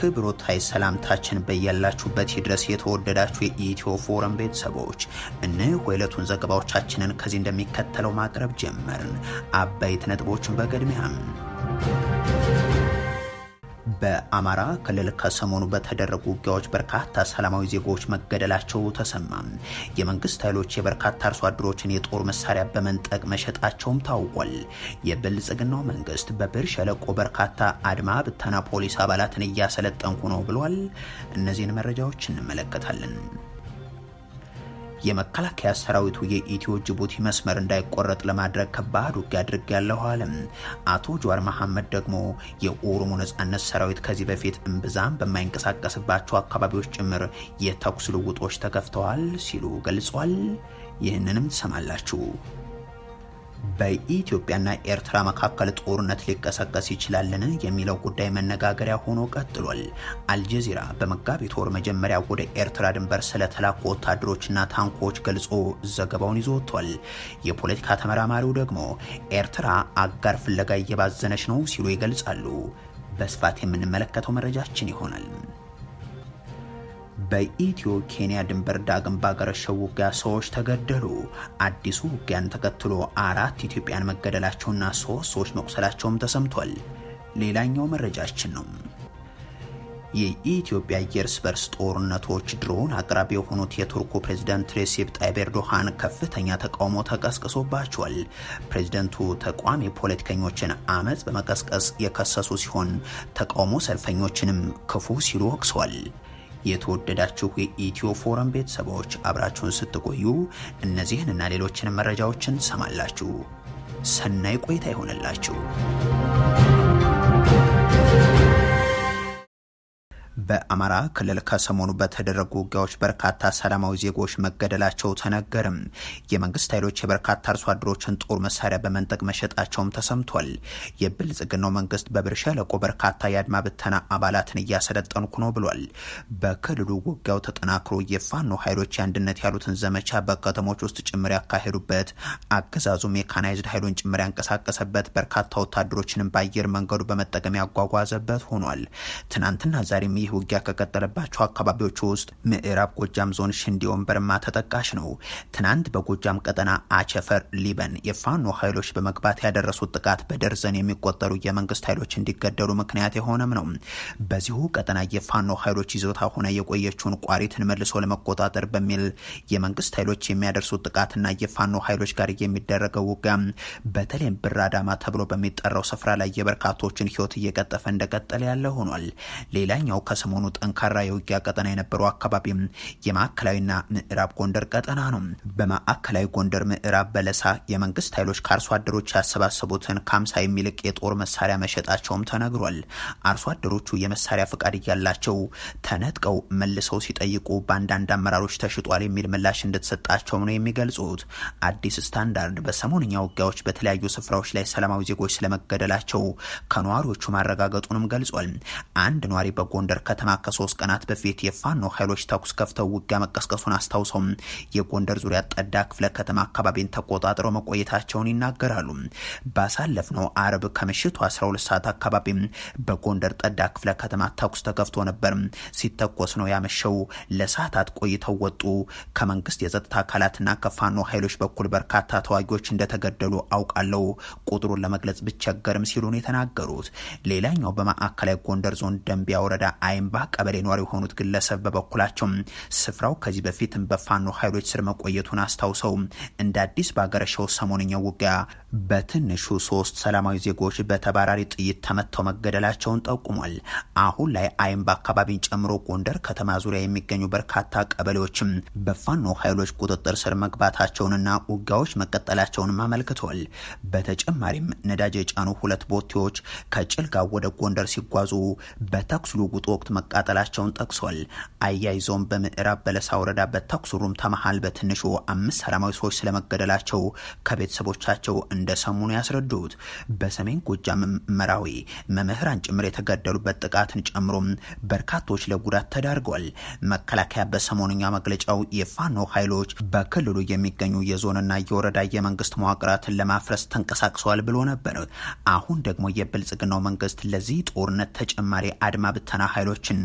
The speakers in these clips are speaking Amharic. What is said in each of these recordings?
ክብሮታይ ሰላምታችን በያላችሁበት ይድረስ። የተወደዳችሁ የኢትዮ ፎረም ቤተሰቦች እነሆ የዕለቱን ዘገባዎቻችንን ከዚህ እንደሚከተለው ማቅረብ ጀመርን። አበይት ነጥቦችን በቅድሚያም በአማራ ክልል ከሰሞኑ በተደረጉ ውጊያዎች በርካታ ሰላማዊ ዜጎች መገደላቸው ተሰማ። የመንግስት ኃይሎች የበርካታ አርሶ አደሮችን የጦር መሳሪያ በመንጠቅ መሸጣቸውም ታውቋል። የብልጽግናው መንግስት በብር ሸለቆ በርካታ አድማ ብተና ፖሊስ አባላትን እያሰለጠንኩ ነው ብሏል። እነዚህን መረጃዎች እንመለከታለን። የመከላከያ ሰራዊቱ የኢትዮ ጅቡቲ መስመር እንዳይቆረጥ ለማድረግ ከባድ ውጊያ ያለሁ አለም። አቶ ጀዋር መሐመድ ደግሞ የኦሮሞ ነጻነት ሰራዊት ከዚህ በፊት እምብዛም በማይንቀሳቀስባቸው አካባቢዎች ጭምር የተኩስ ልውጦች ተከፍተዋል ሲሉ ገልጿል። ይህንንም ትሰማላችሁ። በኢትዮጵያና ኤርትራ መካከል ጦርነት ሊቀሰቀስ ይችላልን የሚለው ጉዳይ መነጋገሪያ ሆኖ ቀጥሏል። አልጀዚራ በመጋቢት ወር መጀመሪያ ወደ ኤርትራ ድንበር ስለተላኩ ወታደሮችና ታንኮች ገልጾ ዘገባውን ይዞ ወጥቷል። የፖለቲካ ተመራማሪው ደግሞ ኤርትራ አጋር ፍለጋ እየባዘነች ነው ሲሉ ይገልጻሉ። በስፋት የምንመለከተው መረጃችን ይሆናል። በኢትዮ ኬንያ ድንበር ዳግም ባገረሸው ውጊያ ሰዎች ተገደሉ። አዲሱ ውጊያን ተከትሎ አራት ኢትዮጵያን መገደላቸውና ሶስት ሰዎች መቁሰላቸውም ተሰምቷል። ሌላኛው መረጃችን ነው። የኢትዮጵያ የእርስ በርስ ጦርነቶች ድሮን አቅራቢ የሆኑት የቱርኩ ፕሬዝደንት ሬሴፕ ጣይብ ኤርዶሃን ከፍተኛ ተቃውሞ ተቀስቅሶባቸዋል። ፕሬዝደንቱ ተቋም የፖለቲከኞችን አመፅ በመቀስቀስ የከሰሱ ሲሆን ተቃውሞ ሰልፈኞችንም ክፉ ሲሉ ወቅሰዋል። የተወደዳችሁ የኢትዮ ፎረም ቤተሰቦች አብራችሁን ስትቆዩ እነዚህን እና ሌሎችንም መረጃዎችን ሰማላችሁ። ሰናይ ቆይታ ይሆንላችሁ። በአማራ ክልል ከሰሞኑ በተደረጉ ውጊያዎች በርካታ ሰላማዊ ዜጎች መገደላቸው ተነገርም። የመንግስት ኃይሎች የበርካታ አርሶ አደሮችን ጦር መሳሪያ በመንጠቅ መሸጣቸውም ተሰምቷል። የብልጽግናው መንግስት በብርሻ ለቆ በርካታ የአድማ ብተና አባላትን እያሰለጠንኩ ነው ብሏል። በክልሉ ውጊያው ተጠናክሮ የፋኖ ኃይሎች የአንድነት ያሉትን ዘመቻ በከተሞች ውስጥ ጭምር ያካሄዱበት አገዛዙ ሜካናይዝድ ኃይሉን ጭምር ያንቀሳቀሰበት በርካታ ወታደሮችንም በአየር መንገዱ በመጠቀም ያጓጓዘበት ሆኗል። ትናንትና ዛሬም ይህ ውጊያ ከቀጠለባቸው አካባቢዎች ውስጥ ምዕራብ ጎጃም ዞን ሽንዲ ወንበርማ ተጠቃሽ ነው። ትናንት በጎጃም ቀጠና አቸፈር ሊበን የፋኖ ኃይሎች በመግባት ያደረሱት ጥቃት በደርዘን የሚቆጠሩ የመንግስት ኃይሎች እንዲገደሉ ምክንያት የሆነም ነው። በዚሁ ቀጠና የፋኖ ኃይሎች ይዞታ ሆነ የቆየችውን ቋሪትን መልሶ ለመቆጣጠር በሚል የመንግስት ኃይሎች የሚያደርሱት ጥቃትና የፋኖ ኃይሎች ጋር የሚደረገው ውጊያ በተለይም ብር አዳማ ተብሎ በሚጠራው ስፍራ ላይ የበርካቶችን ህይወት እየቀጠፈ እንደቀጠለ ያለ ሆኗል። ሌላኛው ከሰ ከሰሞኑ ጠንካራ የውጊያ ቀጠና የነበረው አካባቢም የማዕከላዊና ምዕራብ ጎንደር ቀጠና ነው። በማዕከላዊ ጎንደር ምዕራብ በለሳ የመንግስት ኃይሎች ከአርሶ አደሮች ያሰባሰቡትን ከአምሳ የሚልቅ የጦር መሳሪያ መሸጣቸውም ተነግሯል። አርሶ አደሮቹ የመሳሪያ ፍቃድ እያላቸው ተነጥቀው መልሰው ሲጠይቁ በአንዳንድ አመራሮች ተሽጧል የሚል ምላሽ እንደተሰጣቸውም ነው የሚገልጹት። አዲስ ስታንዳርድ በሰሞንኛ ውጊያዎች በተለያዩ ስፍራዎች ላይ ሰላማዊ ዜጎች ስለመገደላቸው ከነዋሪዎቹ ማረጋገጡንም ገልጿል። አንድ ነዋሪ በጎንደር ከ ከተማ ከሶስት ቀናት በፊት የፋኖ ኃይሎች ተኩስ ከፍተው ውጊያ መቀስቀሱን አስታውሰው የጎንደር ዙሪያ ጠዳ ክፍለ ከተማ አካባቢን ተቆጣጥረው መቆየታቸውን ይናገራሉ። ባሳለፍነው አርብ ከምሽቱ 12 ሰዓት አካባቢ በጎንደር ጠዳ ክፍለ ከተማ ተኩስ ተከፍቶ ነበር። ሲተኮስ ነው ያመሸው። ለሰዓታት ቆይተው ወጡ። ከመንግስት የጸጥታ አካላትና ከፋኖ ኃይሎች በኩል በርካታ ተዋጊዎች እንደተገደሉ አውቃለሁ፣ ቁጥሩን ለመግለጽ ብቸገርም ሲሉ ነው የተናገሩት። ሌላኛው በማዕከላዊ ጎንደር ዞን ደንቢያ ወረዳ አይ አይምባ ቀበሌ ነዋሪ የሆኑት ግለሰብ በበኩላቸው ስፍራው ከዚህ በፊትም በፋኖ ኃይሎች ስር መቆየቱን አስታውሰው እንደ አዲስ በአገረሸው ሰሞንኛው ውጊያ በትንሹ ሶስት ሰላማዊ ዜጎች በተባራሪ ጥይት ተመተው መገደላቸውን ጠቁሟል። አሁን ላይ አይምባ አካባቢን ጨምሮ ጎንደር ከተማ ዙሪያ የሚገኙ በርካታ ቀበሌዎችም በፋኖ ኃይሎች ቁጥጥር ስር መግባታቸውንና ውጊያዎች መቀጠላቸውንም አመልክተዋል። በተጨማሪም ነዳጅ የጫኑ ሁለት ቦቴዎች ከጭልጋ ወደ ጎንደር ሲጓዙ በተኩስ ልውውጡ ወቅት መቃጠላቸውን ጠቅሷል። አያይዞም በምዕራብ በለሳ ወረዳ በተኩስ ሩምታ መሃል በትንሹ አምስት ሰላማዊ ሰዎች ስለመገደላቸው ከቤተሰቦቻቸው እንደሰሙ ያስረዱት። በሰሜን ጎጃም መራዊ መምህራን ጭምር የተገደሉበት ጥቃትን ጨምሮ በርካቶች ለጉዳት ተዳርገዋል። መከላከያ በሰሞንኛ መግለጫው የፋኖ ኃይሎች በክልሉ የሚገኙ የዞንና የወረዳ የመንግስት መዋቅራትን ለማፍረስ ተንቀሳቅሰዋል ብሎ ነበር። አሁን ደግሞ የብልጽግናው መንግስት ለዚህ ጦርነት ተጨማሪ አድማ ብተና ኃይሎችን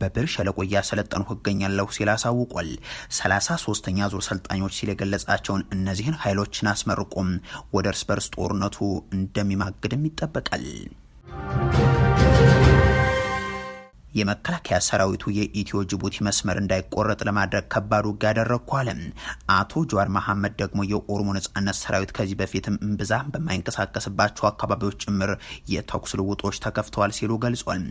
በብር ሸለቆ እያሰለጠኑ እገኛለሁ ሲል አሳውቋል። ሰላሳ ሶስተኛ ዙር ሰልጣኞች ሲል የገለጻቸውን እነዚህን ኃይሎችን አስመርቆም ወደ እርስ በርስ ጦርነቱ እንደሚማግድም ይጠበቃል። የመከላከያ ሰራዊቱ የኢትዮ ጅቡቲ መስመር እንዳይቆረጥ ለማድረግ ከባድ ውጊያ ያደረግኩ አለ። አቶ ጀዋር መሐመድ ደግሞ የኦሮሞ ነጻነት ሰራዊት ከዚህ በፊትም እምብዛም በማይንቀሳቀስባቸው አካባቢዎች ጭምር የተኩስ ልውጦች ተከፍተዋል ሲሉ ገልጿል።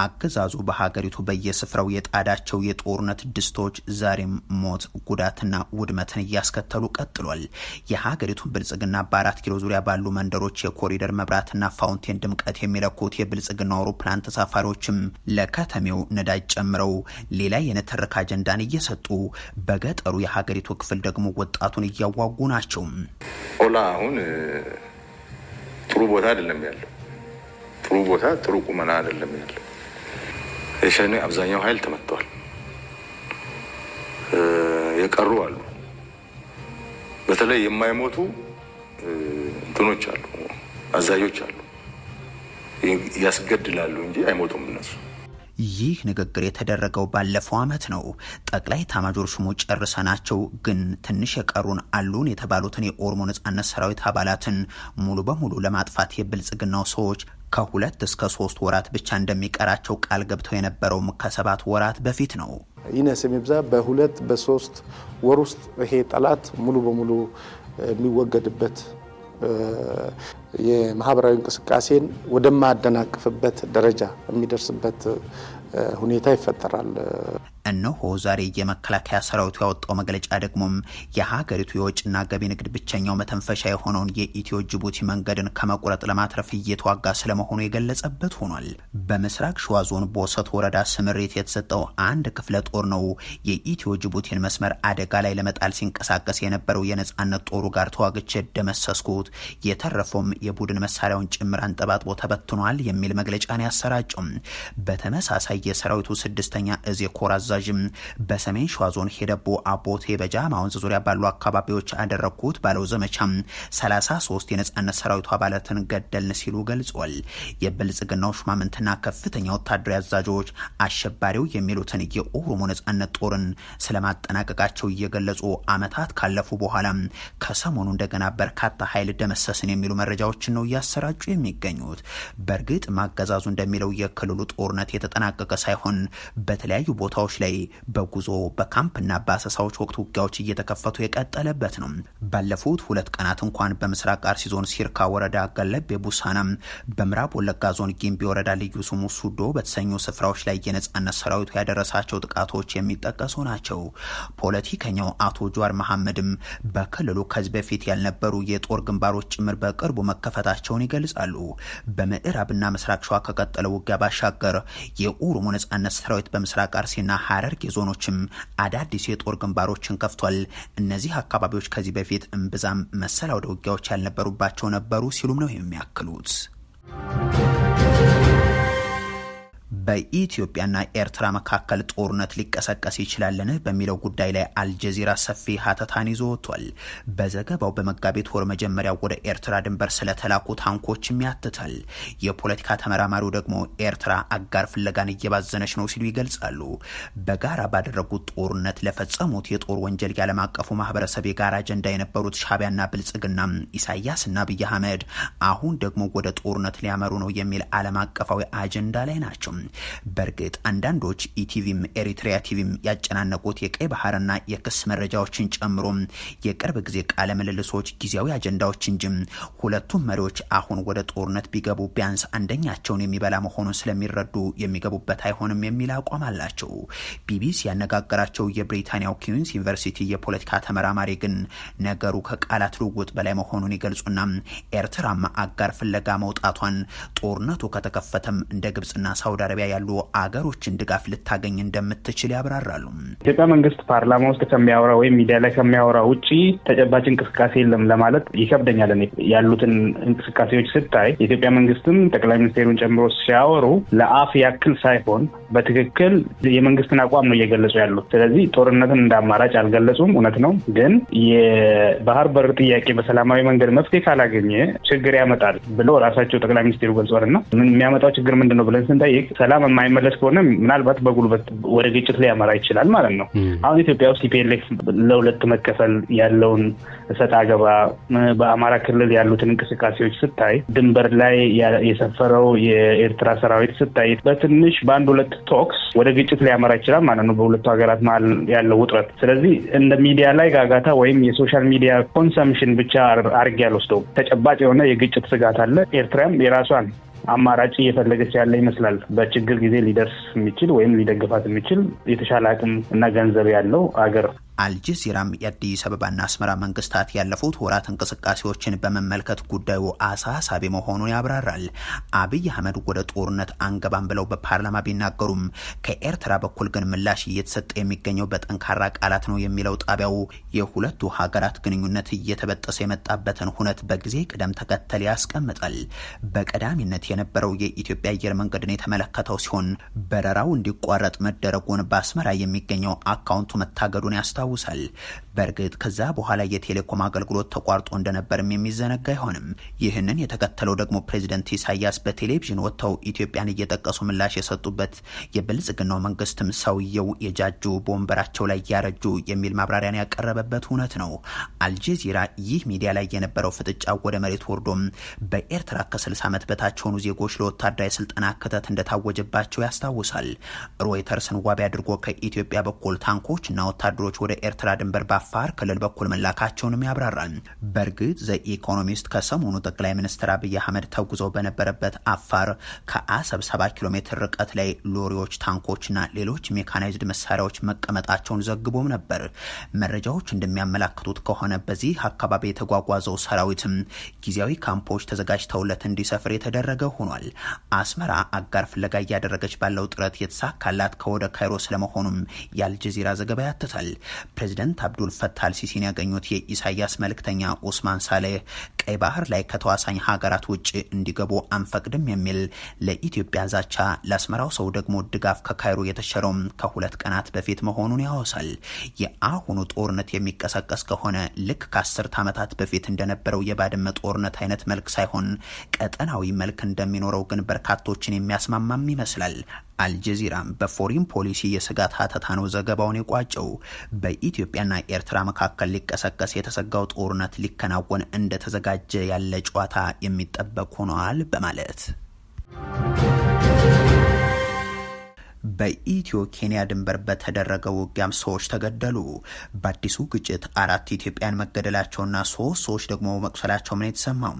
አገዛዙ በሀገሪቱ በየስፍራው የጣዳቸው የጦርነት ድስቶች ዛሬም ሞት ጉዳትና ውድመትን እያስከተሉ ቀጥሏል። የሀገሪቱን ብልጽግና በአራት ኪሎ ዙሪያ ባሉ መንደሮች የኮሪደር መብራትና ፋውንቴን ድምቀት የሚለኩት የብልጽግና አውሮፕላን ተሳፋሪዎችም ለከ ከተሜው ነዳጅ ጨምረው ሌላ የንትርክ አጀንዳን እየሰጡ በገጠሩ የሀገሪቱ ክፍል ደግሞ ወጣቱን እያዋጉ ናቸው። ኦላ አሁን ጥሩ ቦታ አይደለም ያለው። ጥሩ ቦታ ጥሩ ቁመና አይደለም ያለው። የሸኔ አብዛኛው ኃይል ተመትተዋል። የቀሩ አሉ። በተለይ የማይሞቱ እንትኖች አሉ፣ አዛዦች አሉ። ያስገድላሉ እንጂ አይሞቱም እነሱ ይህ ንግግር የተደረገው ባለፈው ዓመት ነው። ጠቅላይ ታማጆር ሹሙ ጨርሰናቸው ግን ትንሽ የቀሩን አሉን የተባሉትን የኦሮሞ ነጻነት ሰራዊት አባላትን ሙሉ በሙሉ ለማጥፋት የብልጽግናው ሰዎች ከሁለት እስከ ሶስት ወራት ብቻ እንደሚቀራቸው ቃል ገብተው የነበረውም ከሰባት ወራት በፊት ነው። ይነስ የሚብዛ በሁለት በሶስት ወር ውስጥ ይሄ ጠላት ሙሉ በሙሉ የሚወገድበት የማህበራዊ እንቅስቃሴን ወደማያደናቅፍበት ደረጃ የሚደርስበት ሁኔታ ይፈጠራል። እነሆ ዛሬ የመከላከያ ሰራዊቱ ያወጣው መግለጫ ደግሞም የሀገሪቱ የውጭና ገቢ ንግድ ብቸኛው መተንፈሻ የሆነውን የኢትዮ ጅቡቲ መንገድን ከመቁረጥ ለማትረፍ እየተዋጋ ስለመሆኑ የገለጸበት ሆኗል። በምስራቅ ሸዋ ዞን ቦሰት ወረዳ ስምሪት የተሰጠው አንድ ክፍለ ጦር ነው የኢትዮ ጅቡቲን መስመር አደጋ ላይ ለመጣል ሲንቀሳቀስ የነበረው የነጻነት ጦሩ ጋር ተዋግቼ ደመሰስኩት፣ የተረፈውም የቡድን መሳሪያውን ጭምር አንጠባጥቦ ተበትኗል የሚል መግለጫን ያሰራጨው። በተመሳሳይ የሰራዊቱ ስድስተኛ እዝ የኮር አዛዥ አዛዥም በሰሜን ሸዋ ዞን ሄደቦ አቦቴ በጃማ ወንዝ ዙሪያ ባሉ አካባቢዎች ያደረግኩት ባለው ዘመቻ 33 የነጻነት ሰራዊቱ አባላትን ገደልን ሲሉ ገልጿል። የብልጽግናው ሹማምንትና ከፍተኛ ወታደራዊ አዛዦች አሸባሪው የሚሉትን የኦሮሞ ነጻነት ጦርን ስለማጠናቀቃቸው እየገለጹ አመታት ካለፉ በኋላ ከሰሞኑ እንደገና በርካታ ኃይል ደመሰስን የሚሉ መረጃዎችን ነው እያሰራጩ የሚገኙት። በእርግጥ ማገዛዙ እንደሚለው የክልሉ ጦርነት የተጠናቀቀ ሳይሆን በተለያዩ ቦታዎች ላይ በጉዞ በካምፕና በአሰሳዎች ወቅት ውጊያዎች እየተከፈቱ የቀጠለበት ነው። ባለፉት ሁለት ቀናት እንኳን በምስራቅ አርሲ ዞን ሲርካ ወረዳ ገለቤ ቡሳና፣ በምዕራብ ወለጋ ዞን ጊምቢ ወረዳ ልዩ ስሙ ሱዶ በተሰኙ ስፍራዎች ላይ የነጻነት ሰራዊቱ ያደረሳቸው ጥቃቶች የሚጠቀሱ ናቸው። ፖለቲከኛው አቶ ጀዋር መሐመድም በክልሉ ከዚህ በፊት ያልነበሩ የጦር ግንባሮች ጭምር በቅርቡ መከፈታቸውን ይገልጻሉ። በምዕራብና ምስራቅ ሸዋ ከቀጠለው ውጊያ ባሻገር የኦሮሞ ነጻነት ሰራዊት በምስራቅ አርሲና ሀረርጌ ዞኖችም አዳዲስ የጦር ግንባሮችን ከፍቷል። እነዚህ አካባቢዎች ከዚህ በፊት እምብዛም መሰል አውደ ውጊያዎች ያልነበሩባቸው ነበሩ ሲሉም ነው የሚያክሉት። በኢትዮጵያና ኤርትራ መካከል ጦርነት ሊቀሰቀስ ይችላልን በሚለው ጉዳይ ላይ አልጀዚራ ሰፊ ሀተታን ይዞ ወጥቷል። በዘገባው በመጋቢት ወር መጀመሪያ ወደ ኤርትራ ድንበር ስለተላኩ ታንኮችም ያትታል። የፖለቲካ ተመራማሪው ደግሞ ኤርትራ አጋር ፍለጋን እየባዘነች ነው ሲሉ ይገልጻሉ። በጋራ ባደረጉት ጦርነት ለፈጸሙት የጦር ወንጀል የዓለም አቀፉ ማህበረሰብ የጋራ አጀንዳ የነበሩት ሻቢያና ብልጽግና፣ ኢሳያስና አብይ አህመድ አሁን ደግሞ ወደ ጦርነት ሊያመሩ ነው የሚል ዓለም አቀፋዊ አጀንዳ ላይ ናቸው። በእርግጥ አንዳንዶች ኢቲቪም ኤሪትሪያ ቲቪም ያጨናነቁት የቀይ ባህርና የክስ መረጃዎችን ጨምሮ የቅርብ ጊዜ ቃለ ምልልሶች ጊዜያዊ አጀንዳዎች እንጂ ሁለቱም መሪዎች አሁን ወደ ጦርነት ቢገቡ ቢያንስ አንደኛቸውን የሚበላ መሆኑን ስለሚረዱ የሚገቡበት አይሆንም የሚል አቋም አላቸው። ቢቢሲ ያነጋገራቸው የብሪታንያው ኪንስ ዩኒቨርሲቲ የፖለቲካ ተመራማሪ ግን ነገሩ ከቃላት ልውውጥ በላይ መሆኑን ይገልጹና ኤርትራም አጋር ፍለጋ መውጣቷን ጦርነቱ ከተከፈተም እንደ ግብጽና ሳውዲ አረቢያ ያሉ አገሮችን ድጋፍ ልታገኝ እንደምትችል ያብራራሉ። ኢትዮጵያ መንግስት ፓርላማ ውስጥ ከሚያወራ ወይም ሚዲያ ላይ ከሚያወራ ውጭ ተጨባጭ እንቅስቃሴ የለም ለማለት ይከብደኛል። እኔ ያሉትን እንቅስቃሴዎች ስታይ የኢትዮጵያ መንግስትም ጠቅላይ ሚኒስቴሩን ጨምሮ ሲያወሩ ለአፍ ያክል ሳይሆን በትክክል የመንግስትን አቋም ነው እየገለጹ ያሉት። ስለዚህ ጦርነትን እንደ አማራጭ አልገለጹም። እውነት ነው፣ ግን የባህር በር ጥያቄ በሰላማዊ መንገድ መፍትሄ ካላገኘ ችግር ያመጣል ብሎ ራሳቸው ጠቅላይ ሚኒስቴሩ ገልጿል። እና የሚያመጣው ችግር ምንድን ነው ብለን ስንጠይቅ ሰላም የማይመለስ ከሆነ ምናልባት በጉልበት ወደ ግጭት ሊያመራ ይችላል ማለት ነው። አሁን ኢትዮጵያ ውስጥ ቲፒኤልኤፍ ለሁለት መከፈል ያለውን እሰጥ አገባ፣ በአማራ ክልል ያሉትን እንቅስቃሴዎች ስታይ፣ ድንበር ላይ የሰፈረው የኤርትራ ሰራዊት ስታይ፣ በትንሽ በአንድ ሁለት ቶክስ ወደ ግጭት ሊያመራ ይችላል ማለት ነው በሁለቱ ሀገራት መሀል ያለው ውጥረት። ስለዚህ እንደ ሚዲያ ላይ ጋጋታ ወይም የሶሻል ሚዲያ ኮንሰምሽን ብቻ አርግ አልወስደውም። ተጨባጭ የሆነ የግጭት ስጋት አለ። ኤርትራም የራሷን አማራጭ እየፈለገች ያለ ይመስላል። በችግር ጊዜ ሊደርስ የሚችል ወይም ሊደግፋት የሚችል የተሻለ አቅም እና ገንዘብ ያለው አገር አልጀዚራም የአዲስ አበባና አስመራ መንግስታት ያለፉት ወራት እንቅስቃሴዎችን በመመልከት ጉዳዩ አሳሳቢ መሆኑን ያብራራል። አብይ አህመድ ወደ ጦርነት አንገባም ብለው በፓርላማ ቢናገሩም ከኤርትራ በኩል ግን ምላሽ እየተሰጠ የሚገኘው በጠንካራ ቃላት ነው የሚለው ጣቢያው የሁለቱ ሀገራት ግንኙነት እየተበጠሰ የመጣበትን ሁነት በጊዜ ቅደም ተከተል ያስቀምጣል። በቀዳሚነት የነበረው የኢትዮጵያ አየር መንገድን የተመለከተው ሲሆን በረራው እንዲቋረጥ መደረጉን በአስመራ የሚገኘው አካውንቱ መታገዱን ያስታው ያስታውሳል። በእርግጥ ከዛ በኋላ የቴሌኮም አገልግሎት ተቋርጦ እንደነበርም የሚዘነጋ አይሆንም። ይህንን የተከተለው ደግሞ ፕሬዚደንት ኢሳያስ በቴሌቪዥን ወጥተው ኢትዮጵያን እየጠቀሱ ምላሽ የሰጡበት የብልጽግናው መንግስትም ሰውየው የጃጁ በወንበራቸው ላይ ያረጁ የሚል ማብራሪያን ያቀረበበት እውነት ነው። አልጀዚራ ይህ ሚዲያ ላይ የነበረው ፍጥጫ ወደ መሬት ወርዶም በኤርትራ ከ60 ዓመት በታች የሆኑ ዜጎች ለወታደራዊ ስልጠና ክተት እንደታወጀባቸው ያስታውሳል። ሮይተርስን ዋቢ አድርጎ ከኢትዮጵያ በኩል ታንኮችና ወታደሮች ወደ ኤርትራ ድንበር በአፋር ክልል በኩል መላካቸውንም ያብራራል። በእርግጥ ዘኢኮኖሚስት ከሰሞኑ ጠቅላይ ሚኒስትር አብይ አህመድ ተጉዞ በነበረበት አፋር ከአሰብ 70 ኪሎ ሜትር ርቀት ላይ ሎሪዎች፣ ታንኮችና ሌሎች ሜካናይዝድ መሳሪያዎች መቀመጣቸውን ዘግቦም ነበር። መረጃዎች እንደሚያመላክቱት ከሆነ በዚህ አካባቢ የተጓጓዘው ሰራዊትም ጊዜያዊ ካምፖች ተዘጋጅተውለት እንዲሰፍር የተደረገ ሆኗል። አስመራ አጋር ፍለጋ እያደረገች ባለው ጥረት የተሳካላት ከወደ ካይሮ ስለመሆኑም የአልጀዚራ ዘገባ ያትታል። ፕሬዚደንት አብዱል ፈታል አልሲሲን ያገኙት የኢሳያስ መልእክተኛ ኡስማን ሳሌህ ቀይ ባህር ላይ ከተዋሳኝ ሀገራት ውጭ እንዲገቡ አንፈቅድም የሚል ለኢትዮጵያ ዛቻ፣ ለአስመራው ሰው ደግሞ ድጋፍ ከካይሮ የተሸረውም ከሁለት ቀናት በፊት መሆኑን ያወሳል። የአሁኑ ጦርነት የሚቀሰቀስ ከሆነ ልክ ከአስርት ዓመታት በፊት እንደነበረው የባድመ ጦርነት አይነት መልክ ሳይሆን ቀጠናዊ መልክ እንደሚኖረው ግን በርካቶችን የሚያስማማም ይመስላል። አልጀዚራም በፎሪን ፖሊሲ የስጋት ሀተታ ነው ዘገባውን የቋጨው። በኢትዮጵያና ኤርትራ መካከል ሊቀሰቀስ የተሰጋው ጦርነት ሊከናወን እንደተዘጋጀ ያለ ጨዋታ የሚጠበቅ ሆኗል በማለት በኢትዮ ኬንያ ድንበር በተደረገ ውጊያም ሰዎች ተገደሉ። በአዲሱ ግጭት አራት ኢትዮጵያን መገደላቸውና ሶስት ሰዎች ደግሞ መቁሰላቸው ምን የተሰማው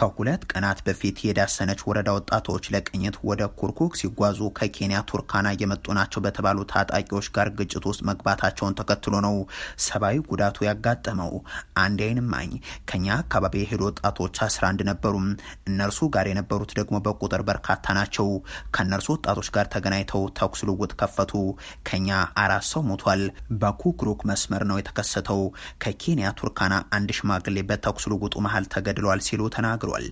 ከሁለት ቀናት በፊት የዳሰነች ወረዳ ወጣቶች ለቅኝት ወደ ኩርኩክ ሲጓዙ ከኬንያ ቱርካና የመጡ ናቸው በተባሉ ታጣቂዎች ጋር ግጭት ውስጥ መግባታቸውን ተከትሎ ነው ሰብአዊ ጉዳቱ ያጋጠመው። አንድ አይን እማኝ ከኛ አካባቢ የሄዱ ወጣቶች 11 ነበሩ። እነርሱ ጋር የነበሩት ደግሞ በቁጥር በርካታ ናቸው። ከእነርሱ ወጣቶች ጋር ተገናኝተው ተኩስ ልውውጥ ከፈቱ። ከኛ አራት ሰው ሞቷል። በኩክሩክ መስመር ነው የተከሰተው። ከኬንያ ቱርካና አንድ ሽማግሌ በተኩስ ልውውጡ መሀል ተገድሏል ሲሉ ተናግረዋል። ተናግሯል።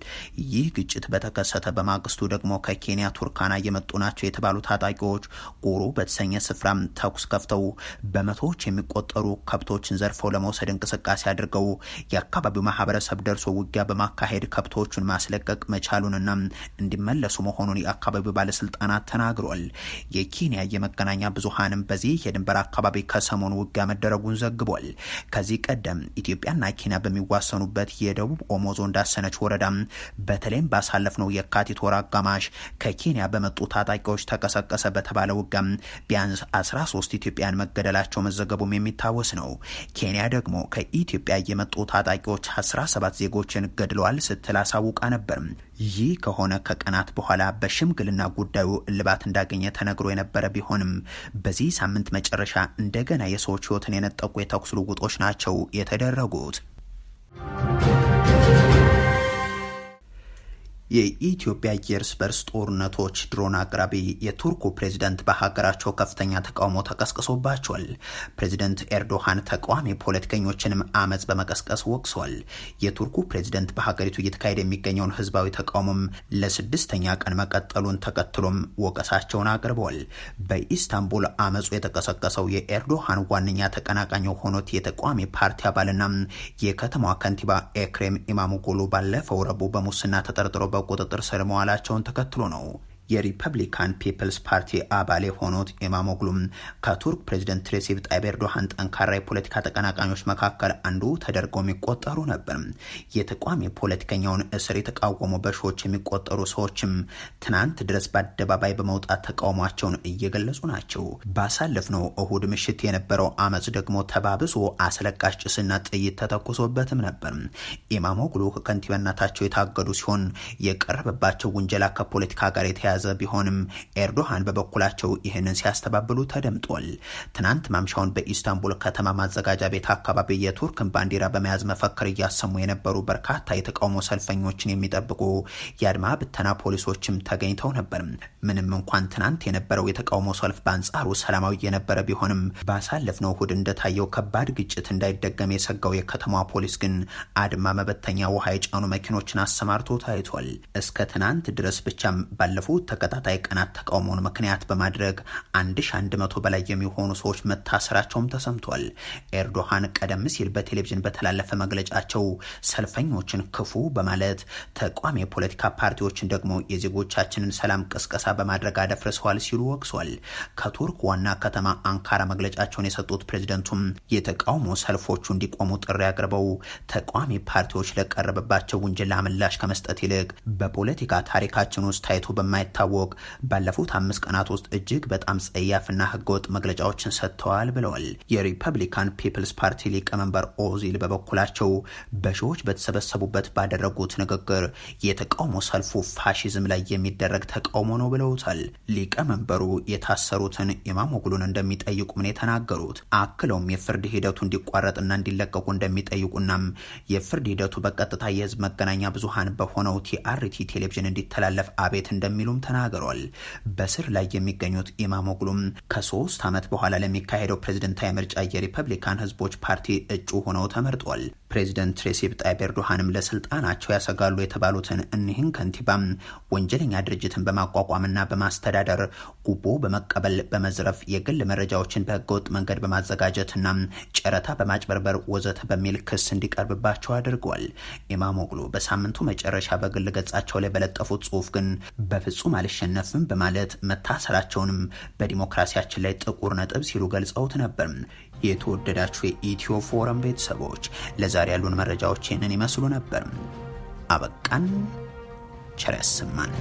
ይህ ግጭት በተከሰተ በማግስቱ ደግሞ ከኬንያ ቱርካና የመጡ ናቸው የተባሉ ታጣቂዎች ጎሮ በተሰኘ ስፍራም ተኩስ ከፍተው በመቶዎች የሚቆጠሩ ከብቶችን ዘርፈው ለመውሰድ እንቅስቃሴ አድርገው የአካባቢው ማህበረሰብ ደርሶ ውጊያ በማካሄድ ከብቶቹን ማስለቀቅ መቻሉንና እንዲመለሱ መሆኑን የአካባቢው ባለስልጣናት ተናግሯል። የኬንያ የመገናኛ ብዙሀንም በዚህ የድንበር አካባቢ ከሰሞኑ ውጊያ መደረጉን ዘግቧል። ከዚህ ቀደም ኢትዮጵያና ኬንያ በሚዋሰኑበት የደቡብ ኦሞ ዞን ዳሰነች ወረዳ ወረዳም በተለይም ባሳለፍነው የካቲት ወር አጋማሽ ከኬንያ በመጡ ታጣቂዎች ተቀሰቀሰ በተባለ ውጋም ቢያንስ 13 ኢትዮጵያን መገደላቸው መዘገቡም የሚታወስ ነው። ኬንያ ደግሞ ከኢትዮጵያ የመጡ ታጣቂዎች 17 ዜጎችን ገድለዋል ስትል አሳውቃ ነበር። ይህ ከሆነ ከቀናት በኋላ በሽምግልና ጉዳዩ እልባት እንዳገኘ ተነግሮ የነበረ ቢሆንም በዚህ ሳምንት መጨረሻ እንደገና የሰዎች ሕይወትን የነጠቁ የተኩስ ልውውጦች ናቸው የተደረጉት። የኢትዮጵያ የእርስ በርስ ጦርነቶች ድሮን አቅራቢ የቱርኩ ፕሬዝደንት በሀገራቸው ከፍተኛ ተቃውሞ ተቀስቅሶባቸዋል። ፕሬዝደንት ኤርዶሃን ተቃዋሚ ፖለቲከኞችንም አመፅ በመቀስቀስ ወቅሰዋል። የቱርኩ ፕሬዝደንት በሀገሪቱ እየተካሄደ የሚገኘውን ህዝባዊ ተቃውሞም ለስድስተኛ ቀን መቀጠሉን ተከትሎም ወቀሳቸውን አቅርበዋል። በኢስታንቡል አመፁ የተቀሰቀሰው የኤርዶሃን ዋነኛ ተቀናቃኝ የሆኑት የተቃዋሚ ፓርቲ አባልና የከተማዋ ከንቲባ ኤክሬም ኢማሙጎሉ ባለፈው ረቡዕ በሙስና በ በቁጥጥር ስር መዋላቸውን ተከትሎ ነው የሪፐብሊካን ፒፕልስ ፓርቲ አባል የሆኑት ኢማሞግሉም ከቱርክ ፕሬዚደንት ሬሴፕ ጣይብ ኤርዶሃን ጠንካራ የፖለቲካ ተቀናቃኞች መካከል አንዱ ተደርገው የሚቆጠሩ ነበር። የተቋሚ ፖለቲከኛውን እስር የተቃወሙ በሺዎች የሚቆጠሩ ሰዎችም ትናንት ድረስ በአደባባይ በመውጣት ተቃውሟቸውን እየገለጹ ናቸው። ባሳለፍነው እሁድ ምሽት የነበረው አመፅ ደግሞ ተባብሶ አስለቃሽ ጭስና ጥይት ተተኩሶበትም ነበር። ኢማሞግሉ ከከንቲባነታቸው የታገዱ ሲሆን የቀረበባቸው ውንጀላ ከፖለቲካ ጋር የተያያዘ የተያዘ ቢሆንም ኤርዶሃን በበኩላቸው ይህንን ሲያስተባብሉ ተደምጧል። ትናንት ማምሻውን በኢስታንቡል ከተማ ማዘጋጃ ቤት አካባቢ የቱርክን ባንዲራ በመያዝ መፈክር እያሰሙ የነበሩ በርካታ የተቃውሞ ሰልፈኞችን የሚጠብቁ የአድማ ብተና ፖሊሶችም ተገኝተው ነበር። ምንም እንኳን ትናንት የነበረው የተቃውሞ ሰልፍ በአንጻሩ ሰላማዊ የነበረ ቢሆንም ባሳለፍነው እሁድ እንደታየው ከባድ ግጭት እንዳይደገም የሰጋው የከተማዋ ፖሊስ ግን አድማ መበተኛ ውሃ የጫኑ መኪኖችን አሰማርቶ ታይቷል። እስከ ትናንት ድረስ ብቻም ባለፉት ተቀጣጣይ ቀናት ተቃውሞውን ምክንያት በማድረግ 1100 በላይ የሚሆኑ ሰዎች መታሰራቸውም ተሰምቷል። ኤርዶሃን ቀደም ሲል በቴሌቪዥን በተላለፈ መግለጫቸው ሰልፈኞችን ክፉ በማለት ተቋሚ የፖለቲካ ፓርቲዎችን ደግሞ የዜጎቻችንን ሰላም ቅስቀሳ በማድረግ አደፍርሰዋል ሲሉ ወቅሷል። ከቱርክ ዋና ከተማ አንካራ መግለጫቸውን የሰጡት ፕሬዝደንቱም የተቃውሞ ሰልፎቹ እንዲቆሙ ጥሪ አቅርበው ተቋሚ ፓርቲዎች ለቀረበባቸው ውንጀላ ምላሽ ከመስጠት ይልቅ በፖለቲካ ታሪካችን ውስጥ ታይቶ በማይ ሳይታወቅ ባለፉት አምስት ቀናት ውስጥ እጅግ በጣም ጸያፍና ህገወጥ መግለጫዎችን ሰጥተዋል ብለዋል። የሪፐብሊካን ፒፕልስ ፓርቲ ሊቀመንበር ኦዚል በበኩላቸው በሺዎች በተሰበሰቡበት ባደረጉት ንግግር የተቃውሞ ሰልፉ ፋሽዝም ላይ የሚደረግ ተቃውሞ ነው ብለውታል። ሊቀመንበሩ የታሰሩትን ኢማሞግሉን እንደሚጠይቁ ምን የተናገሩት። አክለውም የፍርድ ሂደቱ እንዲቋረጥና እንዲለቀቁ እንደሚጠይቁናም የፍርድ ሂደቱ በቀጥታ የህዝብ መገናኛ ብዙሃን በሆነው ቲአርቲ ቴሌቪዥን እንዲተላለፍ አቤት እንደሚሉም ተናግሯል። በስር ላይ የሚገኙት ኢማሞግሉም ከሶስት ዓመት በኋላ ለሚካሄደው ፕሬዝደንታዊ ምርጫ የሪፐብሊካን ህዝቦች ፓርቲ እጩ ሆነው ተመርጧል። ፕሬዚደንት ሬሴፕ ጣይብ ኤርዶሃንም ለስልጣናቸው ያሰጋሉ የተባሉትን እኒህን ከንቲባም ወንጀለኛ ድርጅትን በማቋቋምና በማስተዳደር ጉቦ በመቀበል በመዝረፍ የግል መረጃዎችን በህገወጥ መንገድ በማዘጋጀትና ጨረታ በማጭበርበር ወዘተ በሚል ክስ እንዲቀርብባቸው አድርጓል። ኢማሞግሉ በሳምንቱ መጨረሻ በግል ገጻቸው ላይ በለጠፉት ጽሁፍ ግን በፍጹም በሰላም አልሸነፍም በማለት መታሰራቸውንም በዲሞክራሲያችን ላይ ጥቁር ነጥብ ሲሉ ገልጸውት ነበር። የተወደዳችሁ የኢትዮ ፎረም ቤተሰቦች ለዛሬ ያሉን መረጃዎች ይህንን ይመስሉ ነበር። አበቃን። ቸር ያሰማን።